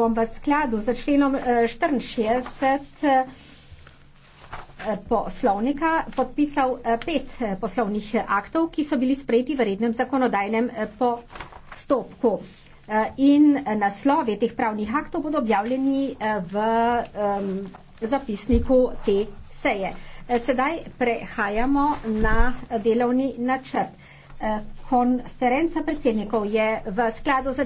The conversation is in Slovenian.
bom v skladu za členom 64 eh, eh, poslovnika podpisal eh, pet poslovnih aktov, ki so bili sprejeti v rednem zakonodajnem postopku. In naslove teh pravnih aktov bodo objavljeni v zapisniku te seje. Sedaj prehajamo na delovni načrt. Konferenca predsednikov je v skladu za